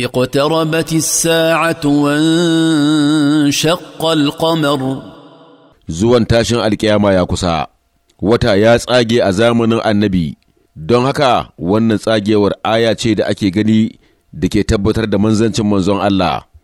اقتربت الساعة وانشق القمر zuwan tashin alkiyama ya kusa wata ya tsage a zamanin annabi don haka wannan tsagewar aya ce da ake gani da ke tabbatar da manzancin manzon Allah